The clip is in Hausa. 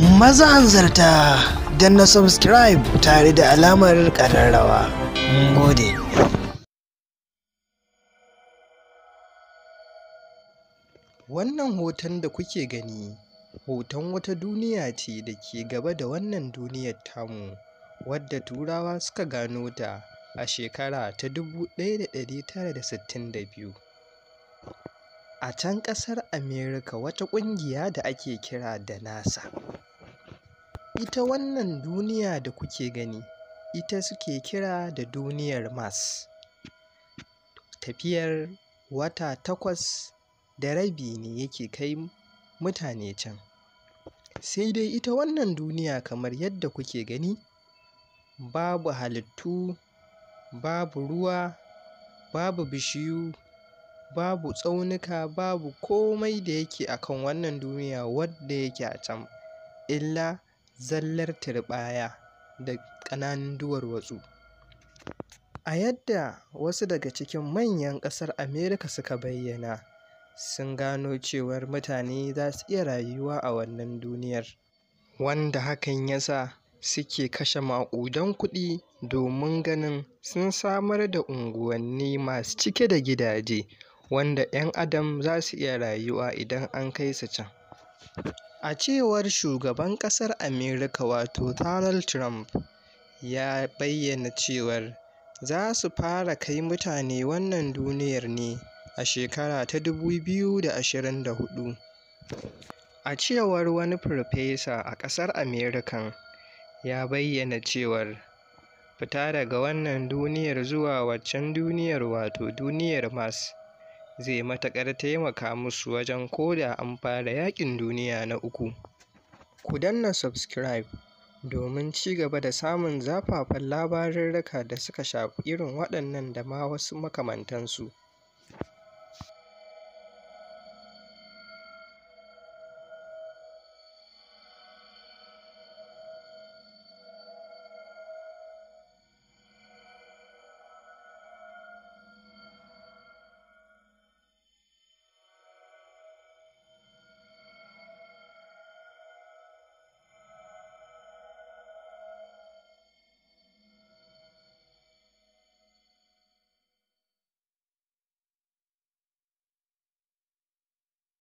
maza zarta don na subscribe tare da alamar ƙararrawa. gode. Wannan hoton da kuke gani hoton wata duniya ce da ke gaba da wannan duniyar tamu wadda turawa suka gano ta a shekara ta 1962. A can ƙasar Amerika wata ƙungiya da ake kira da NASA. Ita wannan duniya da kuke gani, ita suke kira da duniyar Mars. Tafiyar wata takwas da rabi ne yake kai mutane can. Sai dai ita wannan duniya kamar yadda kuke gani, babu halittu, babu ruwa, babu bishiyu, babu tsaunuka, babu komai da yake akan wannan duniya wadda yake a can, illa zallar turɓaya da ƙananan duwarwatsu a yadda wasu daga cikin manyan ƙasar amerika suka bayyana sun gano cewar mutane za su iya rayuwa a wannan duniyar wanda hakan ya sa suke kashe maƙudan kuɗi domin ganin sun samar da unguwanni masu cike da gidaje wanda 'yan adam za su iya rayuwa idan an kai su can A cewar Shugaban ƙasar Amurka wato Donald Trump, ya bayyana cewar za su fara kai mutane wannan duniyar ne a shekara ta 2024. A cewar wani farfesa a ƙasar Amurkan, ya bayyana cewar fita daga wannan duniyar zuwa waccan duniyar wato duniyar Mars. zai matuƙar taimaka musu wajen koda an fara yaƙin duniya na uku. Ku danna subscribe domin ci gaba da samun zafafan labarurruka da suka shafi irin waɗannan da ma wasu makamantansu.